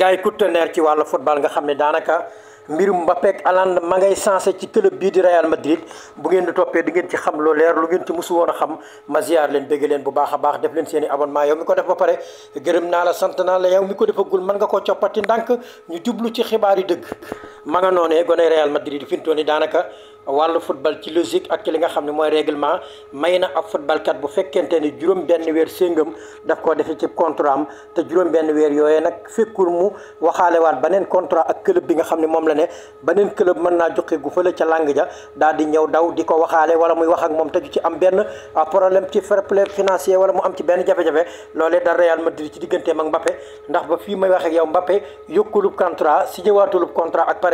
jaay conteneur ci wàllu football nga xam ne daanaka mbirum Mbappé ak Haaland ma ngay sensé ci club bii di Real Madrid bu ngeen di toppee di ngeen ci xam lu leer lu ngeen ci mosu woon a xam ma leen bëgg leen bu baax a baax def leen seen i abonnement yow mi ko def ba pare gërëm naa la sant naa la yow mi ko defagul mën nga koo coppati ndànk ñu jublu ci xibaar yi dëgg ma nga noonee gone Real Madrid fi mu daanaka wàllu football ci logique ak li nga xam ne mooy règlement may na ab kat bu fekkente ni juróom-benn weer séngam daf koo defee ci contrat am te juróom-benn weer yooye nag fekkul mu waxaalewaat beneen contrat ak club bi nga xam ne moom la ne beneen club mën naa joxe gu fële ca lang ja daal di ñëw daw di ko waxaale wala muy wax ak moom te ju ci am benn a problème ci fair play financier wala mu am ci benn jafe-jafe loolee da Real Madrid ci digganteem ak Mbappé ndax ba fii may wax ak yow Mbappé yokkulub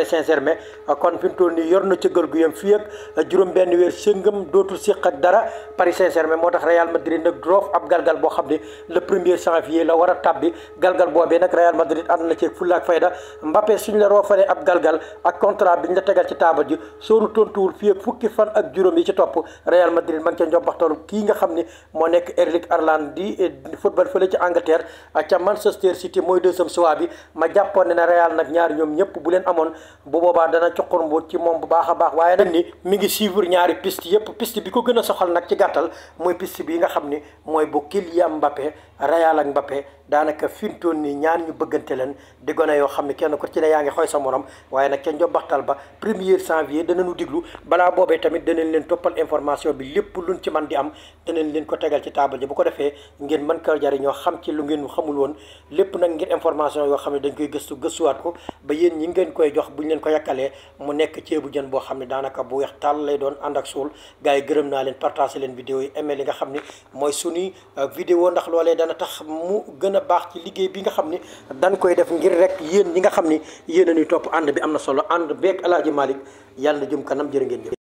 Paris Saint-Germain ah, kon fi mu toll nii yor na cëggal gu yem fii ak ah, juróom-benn weer sëngam dootul siq ak dara Paris Saint-Germain moo tax Real Madrid nag droof ab galgal boo xam ne le premier janvier la war a tàbbi galgal boobee nag Real Madrid ànd na ci fulla fayda Mbappé suñ la roofalee ab galgal ak contrat biñ la tegal ci taabal ji sooru tontuwul fii ak fukki fan ak juróom yi ci topp Real Madrid man ca njombaxtalu kii nga xam ni moo nekk Erling Haaland eh, di football fële ci Angleterre ah, ca mooy deuxième choix bi ma jàppoon ne na Real nag ñaar ñoom ñëpp bu leen amoon bu boobaa dana cuqur mbuut ci moom bu baax a baax waaye nag ni mi ngi suivre ñaari piste yëpp piste bi ko gën a soxal nag ci gàttal mooy piste bi nga xam ni mooy bu Kylian Mbappé Real ak mbappe daanaka fintoon nii ñaan ñu bëggante leen di gone yoo xam ne kenn ko ci ne yaa ngi xooy sa morom waaye nag ca njobbaxtal ba premier janvier danañu diglu balaa boobee tamit danañ leen toppal information bi lépp luñ ci man di am danañ leen ko tegal ci table ji bu ko defee ngeen mën ko jariñoo xam ci lu ngeen xamul woon lépp nag ngir information yoo xam ne dañ koy gëstu gëstuwaat ko ba yéen ñi ngeen koy jox buñ leen ko yakkalee mu nekk ceebu jën boo xam ne daanaka bu weex tàll lay doon ànd ak suul gars yi gërëm naa leen partagé leen vidéo yi aimé li nga xam ne mooy suñuy euh, vidéo ndax loolee dana tax mu gën gën a baax ci liggéey bi nga xam ni dañ koy def ngir rek yéen ñi nga xam ni yéena a topp ànd bi am na solo ànd beeg El Hadj yàlla na jëm kanam jërë ngeen jëf